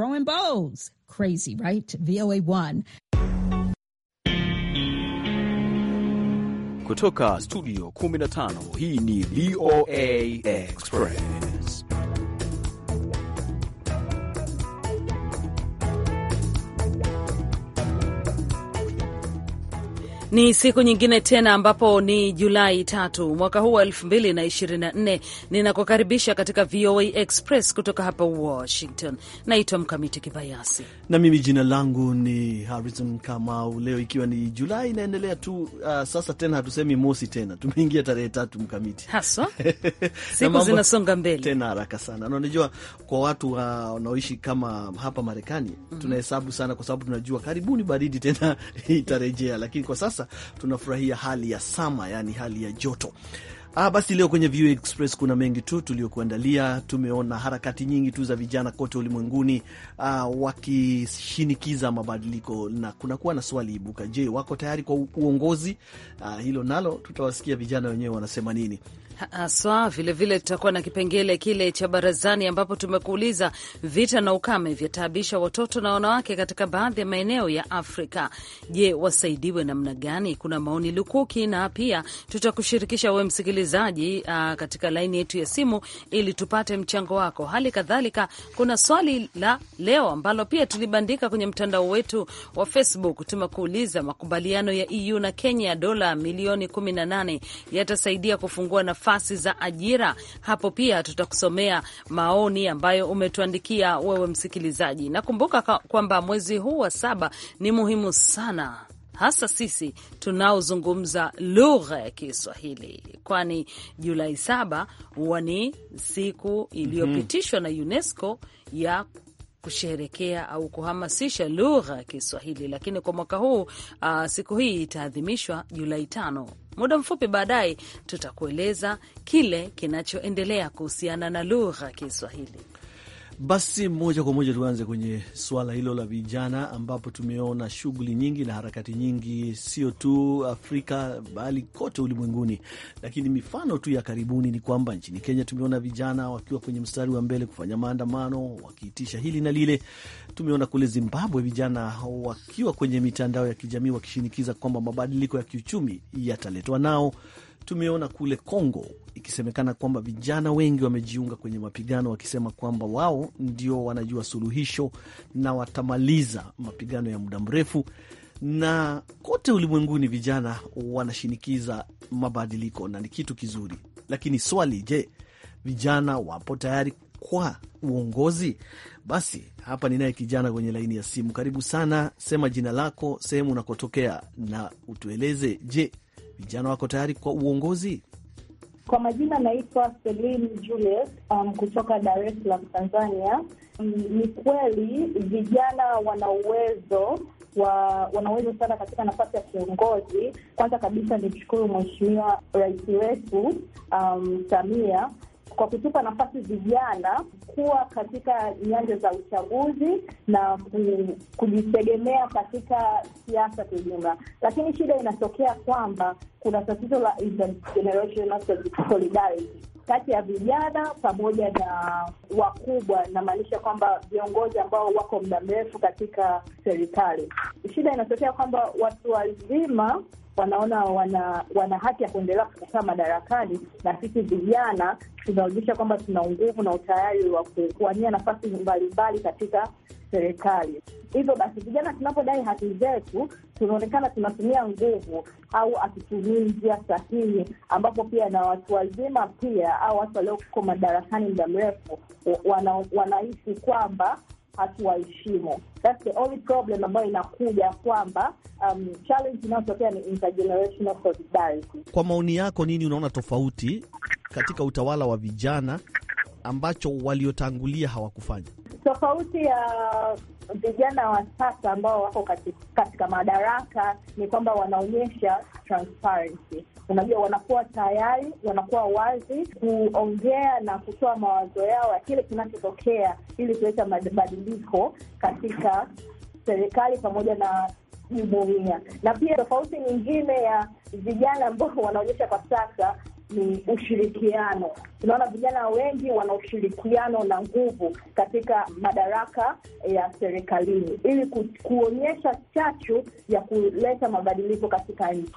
Throwing bows. Crazy, right? VOA1. Kutoka studio 15, hii ni VOA Express. Ni siku nyingine tena ambapo ni Julai tatu mwaka huu wa nne. Ninakukaribisha katika VOA Express kutoka hapa Washington. Naitwa Mkamiti Kibayasi na mimi jina langu ni Harrison Kamau. Leo ikiwa ni Julai inaendelea tu, uh, sasa tena hatusemi mosi tena, tumeingia tarehe tatu Mkamiti haswa siku zinasonga mbele tena haraka sana. Na unajua kwa watu uh, wanaoishi uh, kama hapa Marekani mm -hmm. tunahesabu sana kwa sababu tunajua karibuni baridi tena itarejea, lakini kwa sasa sasa tunafurahia hali ya sama, yani hali ya joto. Ah, basi leo kwenye VOA Express kuna mengi tu tuliyokuandalia. Tumeona harakati nyingi tu za vijana kote ulimwenguni ah, wakishinikiza mabadiliko na kunakuwa na swali ibuka, je, wako tayari kwa uongozi? Ah, hilo nalo tutawasikia vijana wenyewe wanasema nini haswa. Vilevile tutakuwa na kipengele kile cha barazani, ambapo tumekuuliza vita na ukame vyataabisha watoto na wanawake katika baadhi ya maeneo ya Afrika. Je, wasaidiwe namna gani? Kuna maoni lukuki na pia tutakushirikisha wewe msikilizaji msikilizaji uh, katika laini yetu ya simu ili tupate mchango wako. Hali kadhalika kuna swali la leo ambalo pia tulibandika kwenye mtandao wetu wa Facebook. Tumekuuliza, makubaliano ya EU na Kenya ya dola milioni 18 yatasaidia kufungua nafasi za ajira. Hapo pia tutakusomea maoni ambayo umetuandikia wewe msikilizaji. Nakumbuka kwamba mwezi huu wa saba ni muhimu sana hasa sisi tunaozungumza lugha ya Kiswahili, kwani Julai saba huwa ni siku iliyopitishwa mm -hmm. na UNESCO ya kusherekea au kuhamasisha lugha ya Kiswahili, lakini kwa mwaka huu uh, siku hii itaadhimishwa Julai tano. Muda mfupi baadaye tutakueleza kile kinachoendelea kuhusiana na lugha ya Kiswahili. Basi moja kwa moja tuanze kwenye suala hilo la vijana, ambapo tumeona shughuli nyingi na harakati nyingi, sio tu Afrika bali kote ulimwenguni. Lakini mifano tu ya karibuni ni kwamba nchini Kenya tumeona vijana wakiwa kwenye mstari wa mbele kufanya maandamano, wakiitisha hili na lile. Tumeona kule Zimbabwe vijana wakiwa kwenye mitandao ya kijamii wakishinikiza kwamba mabadiliko ya kiuchumi yataletwa nao tumeona kule congo ikisemekana kwamba vijana wengi wamejiunga kwenye mapigano wakisema kwamba wao ndio wanajua suluhisho na watamaliza mapigano ya muda mrefu. Na kote ulimwenguni vijana wanashinikiza mabadiliko na ni kitu kizuri, lakini swali, je, vijana wapo tayari kwa uongozi? Basi hapa ninaye kijana kwenye laini ya simu. Karibu sana, sema jina lako, sehemu unakotokea na utueleze, je, Vijana wako tayari kwa uongozi? Kwa majina naitwa Selim Julius, um, kutoka Dar es Salaam, Tanzania. Um, ni kweli vijana wana uwezo wa wana uwezo sana katika nafasi ya kiongozi. Kwanza kabisa nimshukuru Mheshimiwa Rais wetu um, Samia kwa kutupa nafasi vijana kuwa katika nyanja za uchaguzi na kujitegemea katika siasa kwa ujumla. Lakini shida inatokea kwamba kuna tatizo la intergenerational solidarity kati ya vijana pamoja na wakubwa, namaanisha kwamba viongozi ambao wako muda mrefu katika serikali. Shida inatokea kwamba watu wazima wanaona wana wana haki ya kuendelea kukaa madarakani, na sisi vijana tunaonyesha kwamba tuna nguvu na utayari wa kuwania nafasi mbalimbali katika serikali. Hivyo basi, vijana tunapodai haki zetu, tunaonekana tunatumia nguvu au hatutumii njia sahihi, ambapo pia na watu wazima pia au watu walioko madarakani muda mrefu wanahisi wana kwamba hatuwaheshimu. That's the only problem ambayo inakuja kwamba um, challenge inayotokea ni intergenerational solidarity. Kwa maoni yako, nini unaona tofauti katika utawala wa vijana ambacho waliotangulia hawakufanya. Tofauti ya vijana wa sasa ambao wako katika, katika madaraka ni kwamba wanaonyesha transparency. Unajua, wanakuwa tayari, wanakuwa wazi kuongea na kutoa mawazo yao ya kile kinachotokea ili kuleta mabadiliko katika serikali pamoja na jumuia. Na pia tofauti nyingine ya vijana ambao wanaonyesha kwa sasa ni ushirikiano. Tunaona vijana wengi wana ushirikiano na nguvu katika madaraka eh, ya serikalini ili ku, kuonyesha chachu ya kuleta mabadiliko katika nchi.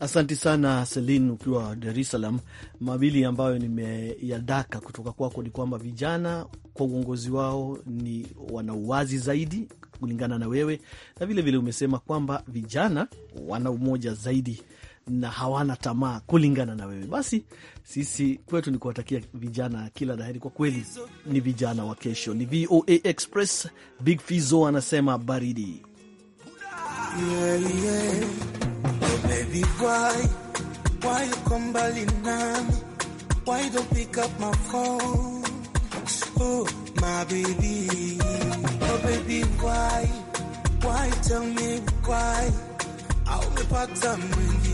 Asanti sana Selin, ukiwa Dar es Salaam. Mawili ambayo nimeyadaka kutoka kwako ni kwamba vijana kwa uongozi wao ni wana uwazi zaidi kulingana na wewe, na vilevile vile umesema kwamba vijana wana umoja zaidi na hawana tamaa kulingana na wewe. Basi sisi kwetu ni kuwatakia vijana kila laheri, kwa kweli ni vijana wa kesho. Ni VOA Express. Big Fizo anasema baridi yeah, yeah. Oh,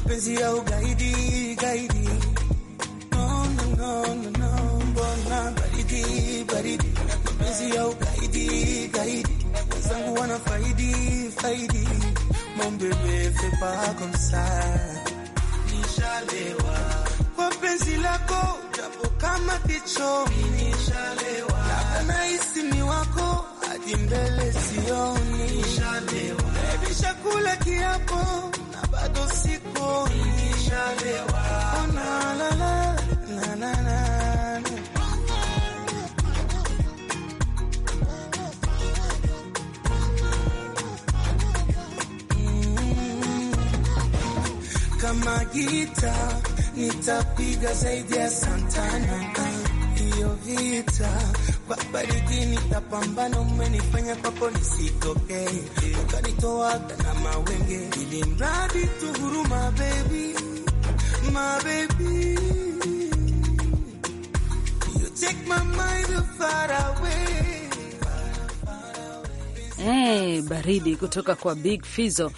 mapenzi ya ugaidi gaidi, no, no, no, no, no. Mbona baridi baridi, mapenzi ya ugaidi gaidi, wenzangu wana faidi faidi, mon bebe fais pas comme ça, nishalewa kwa penzi lako, japo kama kichomi, nishalewa labda hisi ni wako hadi mbele sioni, nishalewa baby, shakula kiapo bado mm-hmm. kama gita nitapiga zaidi ya Santana sio vita, kwa baridi nitapambana. Umenifanya kwako nisitokee, ukanitoa kana mawenge, ili mradi tu huruma, baby my baby, you take my mind far away. Hey, eh, baridi kutoka kwa Big Fizzo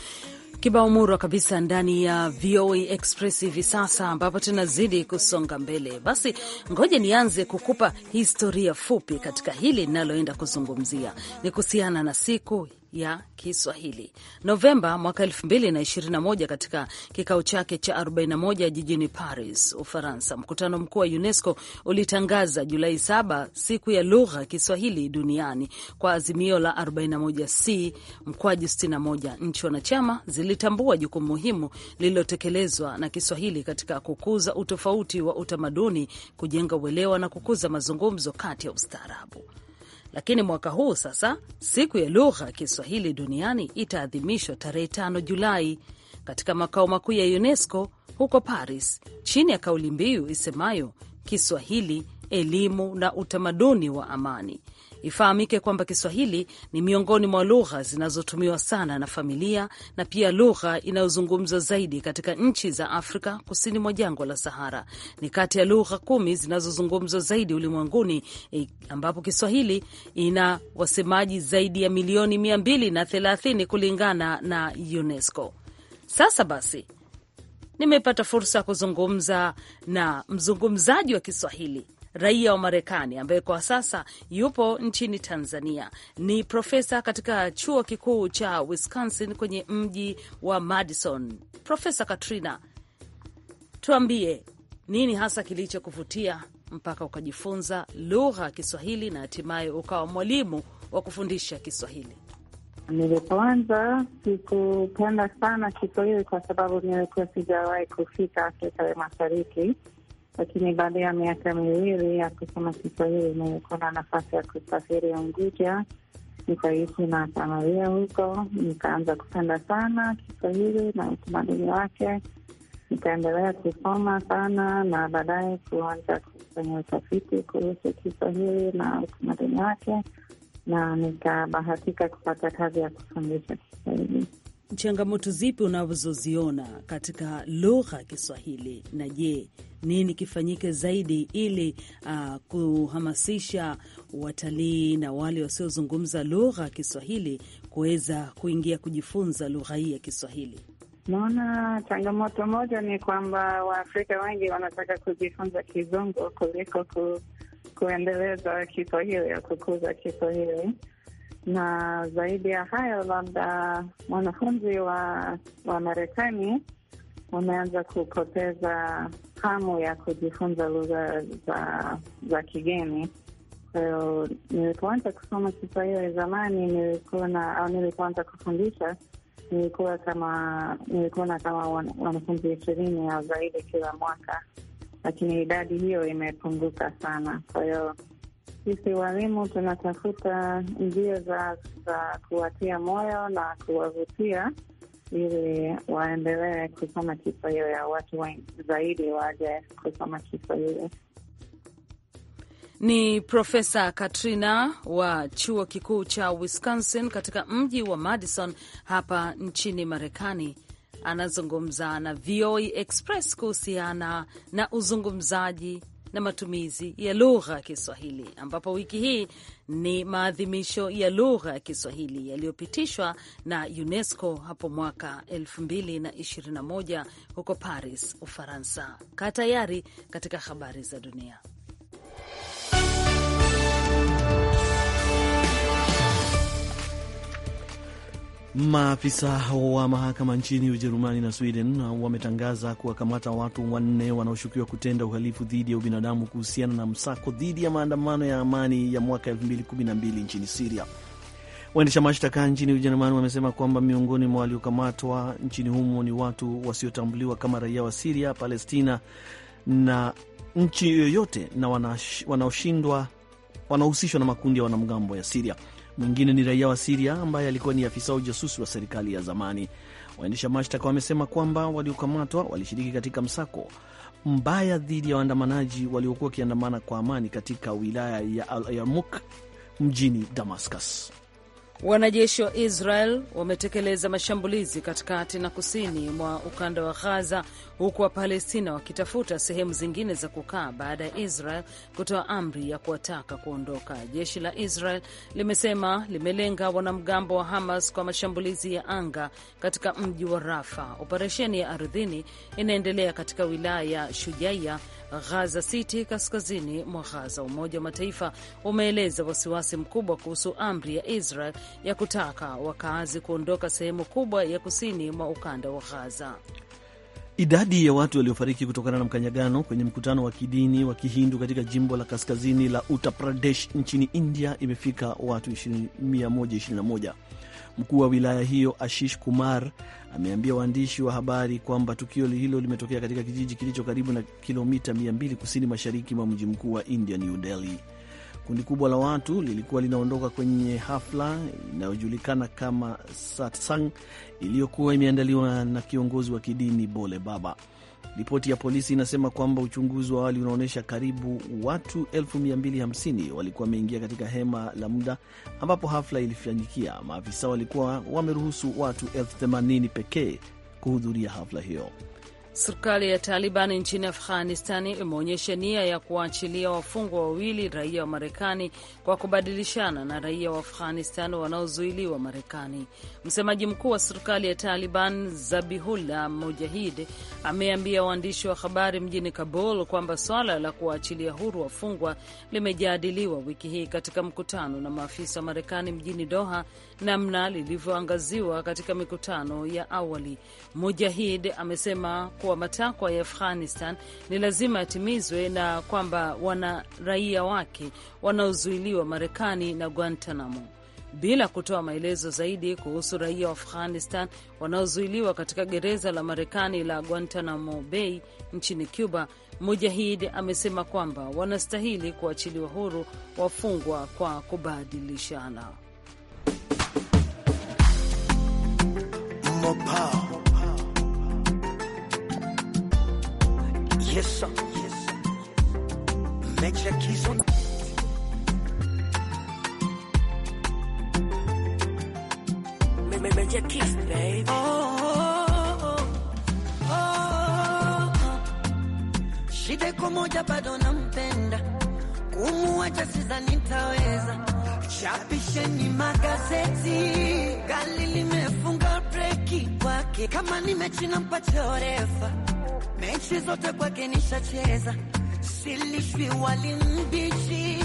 Kibao murwa kabisa ndani ya VOA Express hivi sasa, ambapo tunazidi kusonga mbele. Basi ngoja nianze kukupa historia fupi katika hili linaloenda kuzungumzia, ni kuhusiana na siku ya Kiswahili. Novemba mwaka 2021 katika kikao chake cha 41 jijini Paris, Ufaransa, mkutano mkuu wa UNESCO ulitangaza Julai 7 siku ya lugha Kiswahili duniani kwa azimio la 41C mkwaju 61. Nchi wanachama zilitambua jukumu muhimu lililotekelezwa na Kiswahili katika kukuza utofauti wa utamaduni, kujenga uelewa na kukuza mazungumzo kati ya ustaarabu. Lakini mwaka huu sasa siku ya lugha ya Kiswahili duniani itaadhimishwa tarehe 5 Julai katika makao makuu ya UNESCO huko Paris, chini ya kauli mbiu isemayo Kiswahili elimu na utamaduni wa amani. Ifahamike kwamba Kiswahili ni miongoni mwa lugha zinazotumiwa sana na familia na pia lugha inayozungumzwa zaidi katika nchi za Afrika kusini mwa jangwa la Sahara. Ni kati ya lugha kumi zinazozungumzwa zaidi ulimwenguni, e, ambapo Kiswahili ina wasemaji zaidi ya milioni mia mbili na thelathini kulingana na UNESCO. Sasa basi, nimepata fursa ya kuzungumza na mzungumzaji wa Kiswahili raia wa Marekani ambaye kwa sasa yupo nchini Tanzania. Ni profesa katika chuo kikuu cha Wisconsin kwenye mji wa Madison. Profesa Katrina, tuambie nini hasa kilichokuvutia mpaka ukajifunza lugha ya Kiswahili na hatimaye ukawa mwalimu wa kufundisha Kiswahili? Nilipoanza sikupenda sana Kiswahili kwa sababu nilikuwa sijawahi kufika Afrika ya Mashariki, lakini baada ya miaka miwili ya kusoma Kiswahili nilikuwa na nafasi ya kusafiri Unguja, nikaishi na familia huko, nikaanza kupenda sana Kiswahili na utamaduni wake, nikaendelea kusoma sana na baadaye kuanza kufanya utafiti kuhusu Kiswahili na utamaduni wake, na nikabahatika kupata kazi ya kufundisha Kiswahili changamoto zipi unazoziona katika lugha ya Kiswahili na je, nini kifanyike zaidi ili uh, kuhamasisha watalii na wale wasiozungumza lugha ya Kiswahili kuweza kuingia kujifunza lugha hii ya Kiswahili? Naona changamoto moja ni kwamba Waafrika wengi wanataka kujifunza Kizungu kuliko ku, kuendeleza Kiswahili au kukuza Kiswahili na zaidi ya hayo, labda wanafunzi wa, wa Marekani wameanza kupoteza hamu ya kujifunza lugha za za kigeni. Kwahiyo so, nilipoanza kusoma Kiswahili zamani, nilikuwa na au nilipoanza kufundisha nilikuwa kama nilikuwa na kama wan, wanafunzi ishirini au zaidi kila mwaka, lakini idadi hiyo imepunguka sana. Kwa hiyo so, sisi walimu tunatafuta njia za, za kuwatia moyo na kuwavutia ili waendelee kusoma Kiswahili ya watu wengi zaidi waje kusoma Kiswahili. Ni Profesa Katrina wa chuo kikuu cha Wisconsin katika mji wa Madison hapa nchini Marekani anazungumza na VOA e Express kuhusiana na uzungumzaji na matumizi ya lugha ya Kiswahili, ambapo wiki hii ni maadhimisho ya lugha ya Kiswahili yaliyopitishwa na UNESCO hapo mwaka 2021 huko Paris, Ufaransa. Kaa tayari katika habari za dunia. Maafisa wa mahakama nchini Ujerumani na Sweden wametangaza kuwakamata watu wanne wanaoshukiwa kutenda uhalifu dhidi ya ubinadamu kuhusiana na msako dhidi ya maandamano ya amani ya mwaka 2012 nchini Siria. Waendesha mashtaka nchini Ujerumani wamesema kwamba miongoni mwa waliokamatwa nchini humo ni watu wasiotambuliwa kama raia wa Siria, Palestina na nchi yoyote na wanaoshindwa wanahusishwa na makundi ya wanamgambo ya Siria. Mwingine ni raia wa Siria ambaye alikuwa ni afisa ujasusi wa serikali ya zamani. Waendesha mashtaka wamesema kwamba waliokamatwa walishiriki katika msako mbaya dhidi ya waandamanaji waliokuwa wakiandamana kwa amani katika wilaya ya Al Yarmuk mjini Damascus. Wanajeshi wa Israel wametekeleza mashambulizi katikati na kusini mwa ukanda wa Ghaza, huku Wapalestina wakitafuta sehemu zingine za kukaa baada ya Israel kutoa amri ya kuwataka kuondoka. Jeshi la Israel limesema limelenga wanamgambo wa Hamas kwa mashambulizi ya anga katika mji wa Rafa. Operesheni ya ardhini inaendelea katika wilaya ya Shujaiya, Ghaza City, kaskazini mwa Ghaza. Umoja wa Mataifa umeeleza wasiwasi mkubwa kuhusu amri ya Israel ya kutaka wakaazi kuondoka sehemu kubwa ya kusini mwa ukanda wa Gaza. Idadi ya watu waliofariki kutokana na mkanyagano kwenye mkutano wa kidini wa Kihindu katika jimbo la kaskazini la Uttar Pradesh nchini India imefika watu 121. Mkuu wa wilaya hiyo Ashish Kumar ameambia waandishi wa habari kwamba tukio hilo limetokea katika kijiji kilicho karibu na kilomita 200 kusini mashariki mwa mji mkuu wa India, New Delhi. Kundi kubwa la watu lilikuwa linaondoka kwenye hafla inayojulikana kama satsang iliyokuwa imeandaliwa na kiongozi wa kidini Bole Baba. Ripoti ya polisi inasema kwamba uchunguzi wa awali unaonyesha karibu watu 250 walikuwa wameingia katika hema la muda ambapo hafla ilifanyikia. Maafisa walikuwa wameruhusu watu 80 pekee kuhudhuria hafla hiyo. Serikali ya Taliban nchini afghanistani imeonyesha nia ya kuwaachilia wafungwa wawili raia wa Marekani kwa kubadilishana na raia wa Afghanistan wanaozuiliwa Marekani. Msemaji mkuu wa serikali ya Taliban Zabihullah Mujahid ameambia waandishi wa habari mjini Kabul kwamba swala la kuwaachilia huru wafungwa limejadiliwa wiki hii katika mkutano na maafisa wa Marekani mjini Doha namna lilivyoangaziwa katika mikutano ya awali. Mujahid amesema kuwa matakwa ya Afghanistan ni lazima yatimizwe na kwamba wana raia wake wanaozuiliwa Marekani na Guantanamo bila kutoa maelezo zaidi kuhusu raia wa Afghanistan wanaozuiliwa katika gereza la Marekani la Guantanamo Bay nchini Cuba, Mujahid amesema kwamba wanastahili kuachiliwa huru wafungwa kwa kubadilishana. more power. Yes, sir. Chapisheni magazeti gali haki. Kama ni mechi nampatia refa, mechi zote kwake nishacheza, silishwi wali mbichi,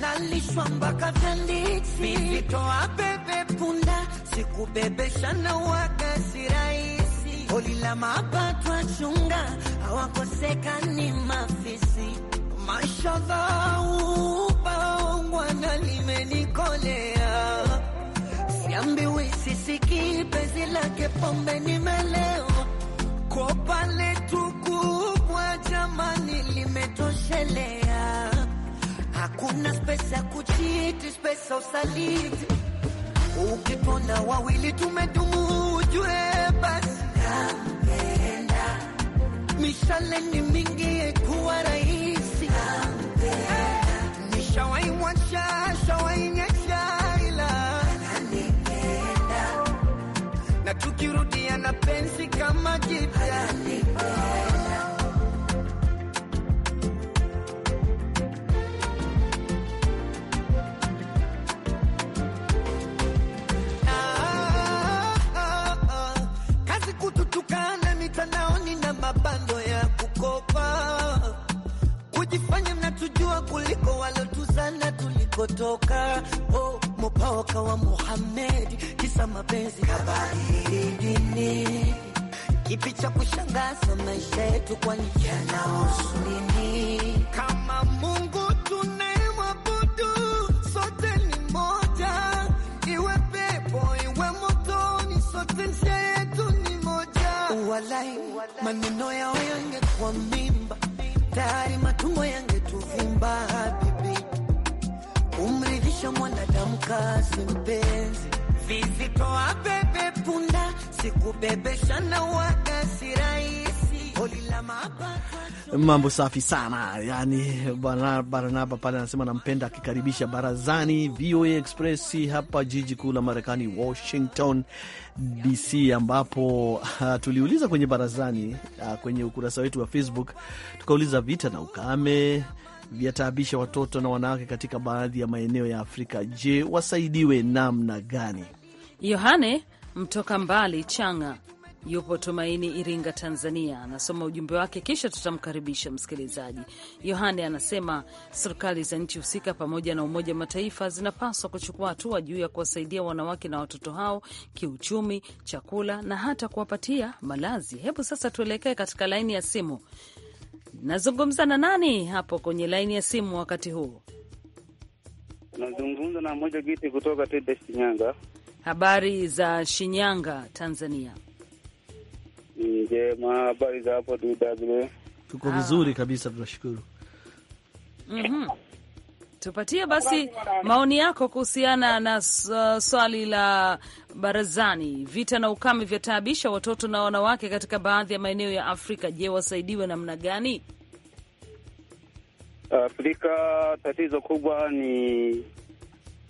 nalishwa mpaka vyanditi, nilitoa bebe punda, sikubebesha na wakasi rahisi, holi la mapato achunga, hawakosekani maafisi, mashallah ubaongwana limenikolea siambiwi, sisikii penzi lake pombe, nimelewa kwa pale tu kubwa, jamani, limetoshelea. Hakuna spesa ya kuchiti, spesa usaliti. Ukipona wawili tumedumu, ujue basi nampenda. Mishale ni mingi, kuwa rahisi, nishawaiwacha mwaka wa Muhammad, kisa mapenzi kabadili Kipi cha kushangaza maisha yetu, kwani yanahusu nini? Kama Mungu tunayemwabudu sote ni moja, iwe pepo iwe motoni, sote njia yetu ni moja. Walai, maneno yao yangekuwa mimba tayari, matumbo yangetuvimba. Habibi, kumridhisha mwana Usikase mpenzi, vizitoa pepe punda, sikubebeshana wakasi rahisi la mabaka Mambo safi sana yani, Barnaba pale anasema nampenda, akikaribisha barazani VOA Express hapa jiji kuu la Marekani, Washington DC, ambapo uh, tuliuliza kwenye barazani uh, kwenye ukurasa wetu wa Facebook tukauliza vita na ukame vyataabisha watoto na wanawake katika baadhi ya maeneo ya Afrika. Je, wasaidiwe namna gani? Yohane mtoka mbali Changa yupo Tumaini, Iringa, Tanzania, anasoma ujumbe wake, kisha tutamkaribisha msikilizaji. Yohane anasema serikali za nchi husika pamoja na Umoja wa Mataifa zinapaswa kuchukua hatua juu ya kuwasaidia wanawake na watoto hao kiuchumi, chakula na hata kuwapatia malazi. Hebu sasa tuelekee katika laini ya simu. Nazungumza na nani hapo kwenye laini ya simu wakati huu? Nazungumza na moja giti kutoka Tete Shinyanga. Habari za Shinyanga, Tanzania? Njema. Habari za hapo DW? Tuko vizuri kabisa, tunashukuru. mm -hmm tupatie basi maoni yako kuhusiana na uh, swali la barazani. Vita na ukame vyataabisha watoto na wanawake katika baadhi ya maeneo ya Afrika. Je, wasaidiwe namna gani? Afrika tatizo kubwa ni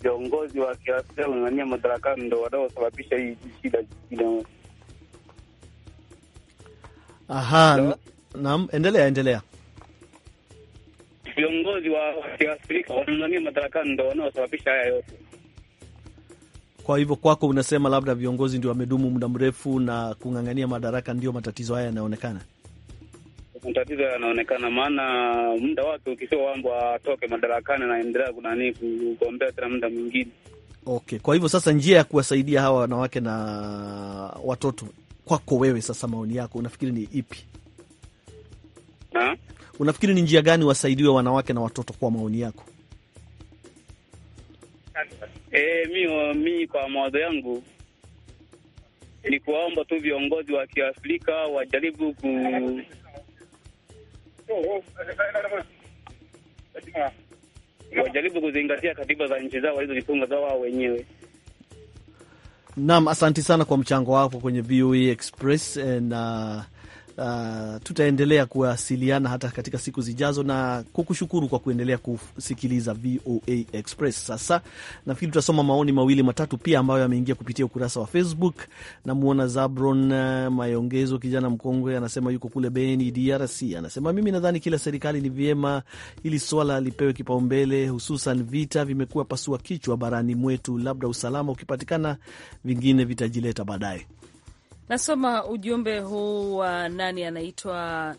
viongozi wa kiafrika wang'ania madarakani, ndo wanaosababisha hii shida zingine. Aha, naam, endelea endelea viongozi wa kiafrika wanaonania madarakani ndo wanaosababisha haya yote. Kwa hivyo kwako, unasema labda viongozi ndio wamedumu muda mrefu na kung'ang'ania madaraka, ndio matatizo haya yanaonekana matatizo yanaonekana, maana muda wake ukisio wangu atoke madarakani, anaendelea kunani kugombea tena muda mwingine. Okay, kwa hivyo sasa, njia ya kuwasaidia hawa wanawake na watoto, kwako wewe sasa, maoni yako unafikiri ni ipi? Unafikiri ni njia gani wasaidiwe wanawake na watoto kwa maoni yako? E, mi, mi kwa mawazo yangu ni kuwaomba tu viongozi wa Kiafrika wajaribu ku wajaribu kuzingatia katiba za nchi zao walizojifunga za wao wenyewe. Naam, asanti sana kwa mchango wako kwenye VOA e Express eh, na uh... Uh, tutaendelea kuwasiliana hata katika siku zijazo, na kukushukuru kwa kuendelea kusikiliza VOA Express. Sasa nafikiri tutasoma maoni mawili matatu pia ambayo yameingia kupitia ukurasa wa Facebook. Namwona Zabron uh, Mayongezo, kijana mkongwe, anasema yuko kule Beni, DRC. Anasema mimi nadhani kila serikali ni vyema ili swala lipewe kipaumbele, hususan vita vimekuwa pasua kichwa barani mwetu, labda usalama ukipatikana, vingine vitajileta baadaye. Nasoma ujumbe huu wa nani anaitwa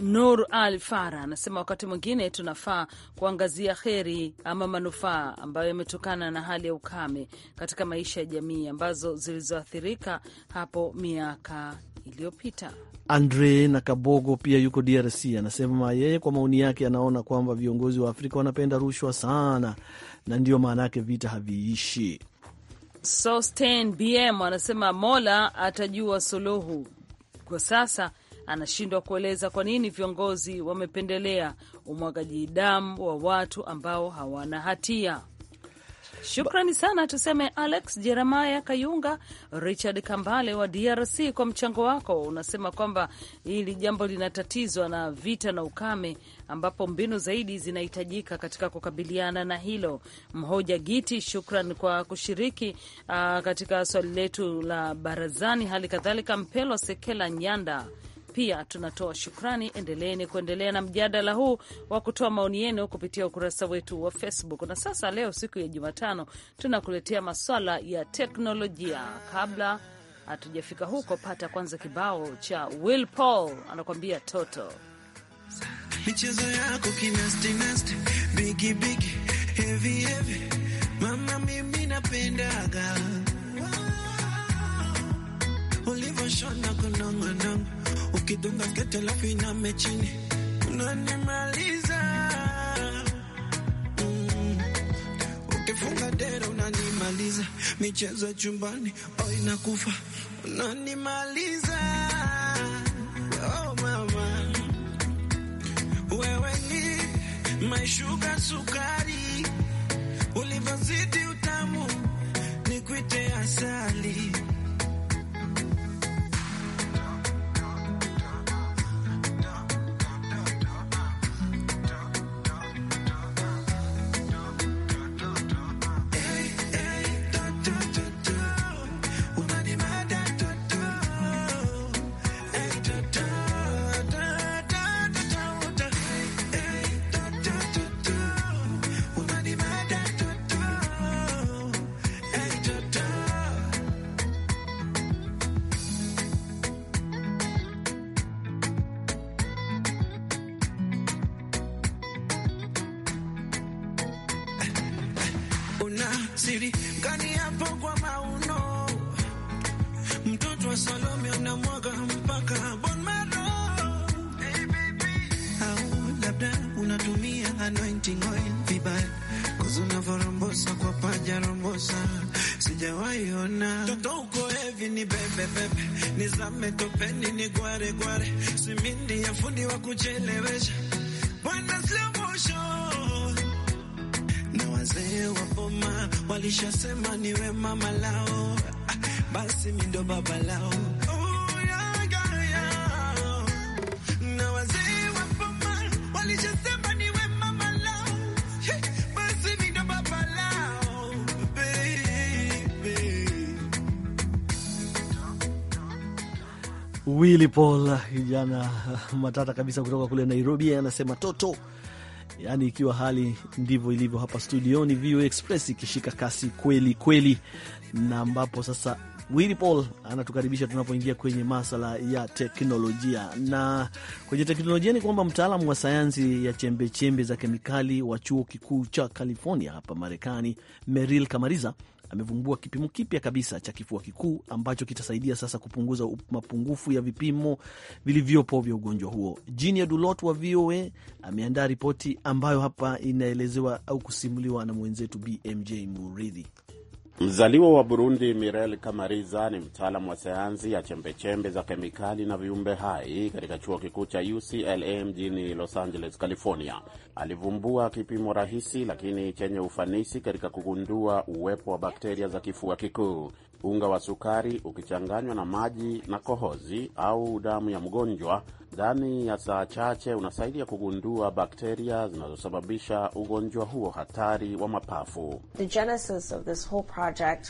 Nur Al Fara anasema wakati mwingine tunafaa kuangazia heri ama manufaa ambayo yametokana na hali ya ukame katika maisha ya jamii ambazo zilizoathirika hapo miaka iliyopita. Andre na Kabogo pia yuko DRC anasema yeye kwa maoni yake anaona kwamba viongozi wa Afrika wanapenda rushwa sana, na ndiyo maana yake vita haviishi. Sosten BM anasema Mola atajua suluhu. Kwa sasa anashindwa kueleza kwa nini viongozi wamependelea umwagaji damu wa watu ambao hawana hatia. Shukrani sana tuseme Alex Jeremaya Kayunga, Richard Kambale wa DRC kwa mchango wako. Unasema kwamba hili jambo linatatizwa na vita na ukame, ambapo mbinu zaidi zinahitajika katika kukabiliana na hilo. Mhoja Giti, shukran kwa kushiriki uh, katika swali letu la barazani. Hali kadhalika Mpelo Sekela Nyanda pia tunatoa shukrani. Endeleeni kuendelea na mjadala huu wa kutoa maoni yenu kupitia ukurasa wetu wa Facebook. Na sasa leo, siku ya Jumatano, tunakuletea maswala ya teknolojia. Kabla hatujafika huko, pata kwanza kibao cha Will Paul anakuambia toto michezo yako kinastinasti bigi bigi hevi hevi mama, mimi napendaga ulivyoshona kunong'ona ukidunga sketi alafu iname chini unanimaliza, mm. Ukifunga dera unanimaliza, michezo ya chumbani oh, inakufa unanimaliza, oh mama, wewe ni my sugar sukari, ulivyozidi utamu nikuite hasa siri gani hapo kwa mauno, mtoto wa Salome anamwaga mpaka bone marrow. Hey, baby. Au labda unatumia anointing oil vibaya, kuzunavorombosa kwa paja rombosa Sijawahi ona toto uko hevi ni bebe bebe, nizame topeni ni gware gware, simindi ya fundi wa kuchelewesha wa boma walishasema niwe mama lao, basi mi ndo baba lao. Willy Paul kijana matata kabisa kutoka kule Nairobi, anasema toto Yaani, ikiwa hali ndivyo ilivyo hapa studioni VOA Express ikishika kasi kweli kweli, na ambapo sasa Willy Paul anatukaribisha tunapoingia kwenye masala ya teknolojia. Na kwenye teknolojia ni kwamba mtaalamu wa sayansi ya chembechembe -chembe za kemikali wa chuo kikuu cha California hapa Marekani, Meril Kamariza amevumbua kipimo kipya kabisa cha kifua kikuu ambacho kitasaidia sasa kupunguza mapungufu ya vipimo vilivyopo vya ugonjwa huo. Jinia Dulot wa VOA ameandaa ripoti ambayo hapa inaelezewa au kusimuliwa na mwenzetu BMJ Muridhi. Mzaliwa wa Burundi, Mirel Kamariza ni mtaalamu wa sayansi ya chembechembe za kemikali na viumbe hai katika chuo kikuu cha UCLA mjini Los Angeles, California. Alivumbua kipimo rahisi lakini chenye ufanisi katika kugundua uwepo wa bakteria za kifua kikuu unga wa sukari ukichanganywa na maji na kohozi au damu ya mgonjwa, ndani ya saa chache unasaidia kugundua bakteria zinazosababisha ugonjwa huo hatari wa mapafu.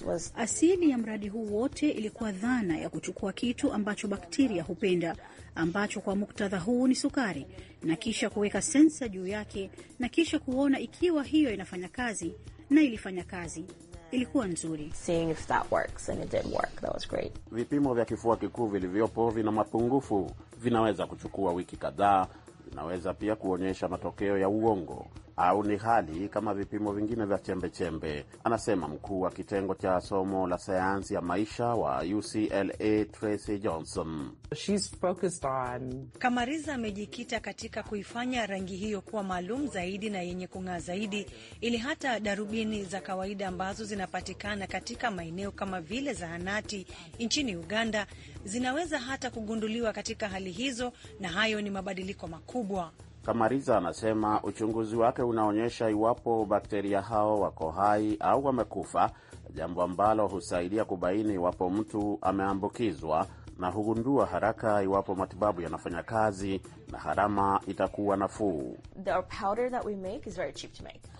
was... asili ya mradi huu wote ilikuwa dhana ya kuchukua kitu ambacho bakteria hupenda ambacho kwa muktadha huu ni sukari, na kisha kuweka sensa juu yake na kisha kuona ikiwa hiyo inafanya kazi, na ilifanya kazi ilikuwa nzuri. Seeing if that works and it did work, that was great. Vipimo vya kifua kikuu vilivyopo vina mapungufu, vinaweza kuchukua wiki kadhaa, vinaweza pia kuonyesha matokeo ya uongo au ni hali kama vipimo vingine vya chembechembe, anasema mkuu wa kitengo cha somo la sayansi ya maisha wa UCLA Tracy Johnson. She's focused on... Kamariza amejikita katika kuifanya rangi hiyo kuwa maalum zaidi na yenye kung'aa zaidi, ili hata darubini za kawaida ambazo zinapatikana katika maeneo kama vile zahanati nchini Uganda zinaweza hata kugunduliwa katika hali hizo, na hayo ni mabadiliko makubwa. Kamariza anasema uchunguzi wake unaonyesha iwapo bakteria hao wako hai au wamekufa, jambo ambalo husaidia kubaini iwapo mtu ameambukizwa na hugundua haraka iwapo matibabu yanafanya kazi na gharama itakuwa nafuu.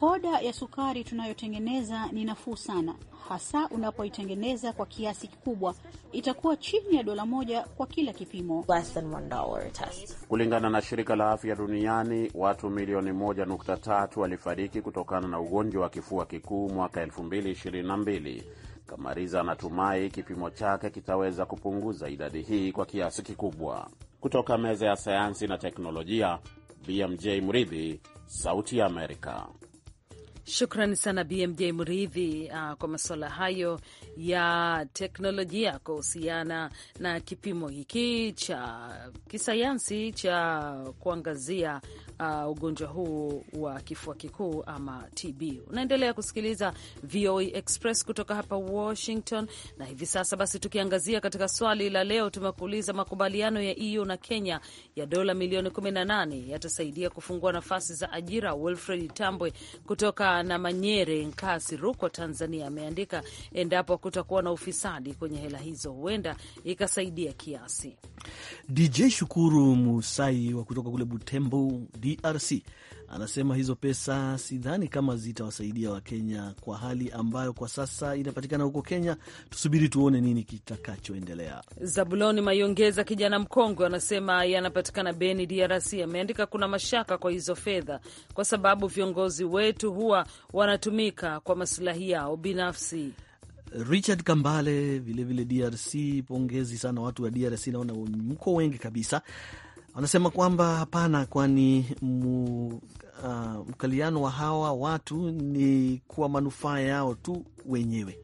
Poda ya sukari tunayotengeneza ni nafuu sana, hasa unapoitengeneza kwa kiasi kikubwa. Itakuwa chini ya dola moja kwa kila kipimo. Kulingana na shirika la afya duniani, watu milioni 1.3 walifariki kutokana na ugonjwa wa kifua kikuu mwaka 2022. Kamariza anatumai kipimo chake kitaweza kupunguza idadi hii kwa kiasi kikubwa. Kutoka meza ya sayansi na teknolojia, BMJ Mridhi, Sauti ya Amerika. Shukrani sana BMJ Mridhi uh, kwa masuala hayo ya teknolojia kuhusiana na kipimo hiki cha kisayansi cha kuangazia uh, ugonjwa huu wa kifua kikuu ama TB. Unaendelea kusikiliza VOA e Express kutoka hapa Washington, na hivi sasa basi, tukiangazia katika swali la leo, tumekuuliza makubaliano ya EU na Kenya ya dola milioni 18 yatasaidia kufungua nafasi za ajira. Wilfred Tambwe kutoka na Manyere Nkasi, Rukwa, Tanzania, ameandika endapo kutakuwa na ufisadi kwenye hela hizo, huenda ikasaidia kiasi. DJ Shukuru Musai wa kutoka kule Butembo, DRC Anasema hizo pesa sidhani kama zitawasaidia Wakenya kwa hali ambayo kwa sasa inapatikana huko Kenya. Tusubiri tuone nini kitakachoendelea. Zabuloni Mayongeza, kijana mkongwe, anasema yanapatikana Beni, DRC. Ameandika kuna mashaka kwa hizo fedha, kwa sababu viongozi wetu huwa wanatumika kwa masilahi yao binafsi. Richard Kambale vilevile vile DRC, pongezi sana watu wa DRC, naona mko wengi kabisa. Anasema kwamba hapana, kwani uh, mkaliano wa hawa watu ni kwa manufaa yao tu wenyewe.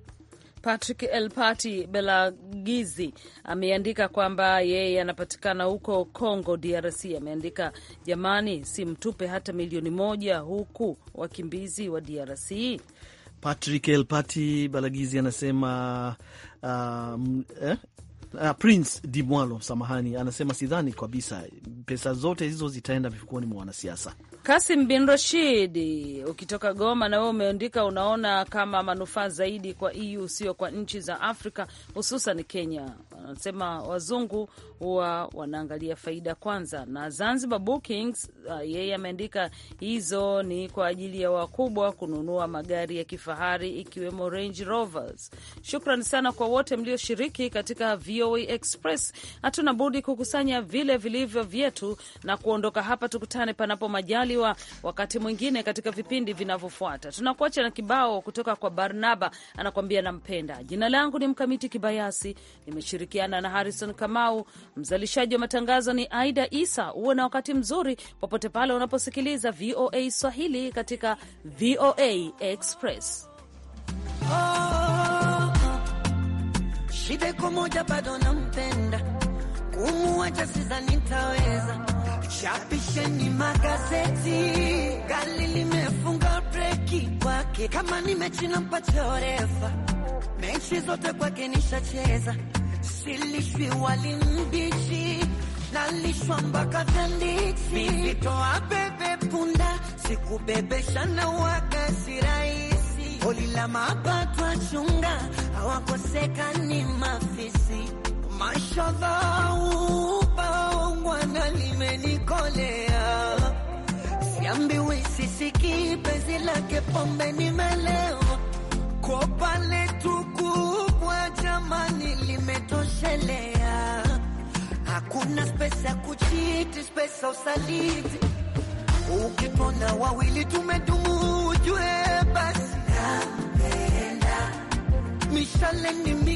Patrick Elpati Belagizi ameandika kwamba yeye anapatikana huko Congo DRC. Ameandika, jamani, si mtupe hata milioni moja huku wakimbizi wa DRC. Patrick Elpati Balagizi anasema um, eh, Uh, Prince Dimwalo, samahani, anasema sidhani kabisa pesa zote hizo zitaenda mifukoni mwa wanasiasa. Kasim bin Rashidi ukitoka Goma na wewe umeandika, unaona kama manufaa zaidi kwa EU sio kwa nchi za Afrika hususan Kenya anasema wazungu huwa wanaangalia faida kwanza. Na Zanzibar Bookings, uh, yeye ameandika hizo ni kwa ajili ya wakubwa kununua magari ya kifahari ikiwemo Range Rovers. Shukran sana kwa wote mlioshiriki katika VOA Express. Hatuna budi kukusanya vile vilivyo vyetu na kuondoka hapa. Tukutane panapo majaliwa wakati mwingine katika vipindi vinavyofuata. Tunakuacha na kibao kutoka kwa Barnaba anakuambia nampenda. Jina langu ni Mkamiti Kibayasi, nimeshiriki Nimeshirikiana na Harrison Kamau. Mzalishaji wa matangazo ni Aida Isa. Uwe na wakati mzuri popote pale unaposikiliza VOA Swahili katika VOA Express. Oh, shida iko moja bado nampenda, kumuacha sidhani nitaweza. Chapisheni magazeti, gari limefunga breki kwake, kama mechi zote kwake nishacheza silishwi, walimbishi nalishwa mpaka tandiki, mizitoa bebe punda, sikubebesha na waga sirahisi, holi la mapato achunga, hawakosekani mafisi, mashodha upaongwana limenikolea siambiwi sisiki penzi lake pombe nimelewa kopa letu kubwa jamani, limetoshelea. Hakuna spesa ya kuchiti, spesa usaliti. Ukipona wawili tumedumu, ujue basi napenda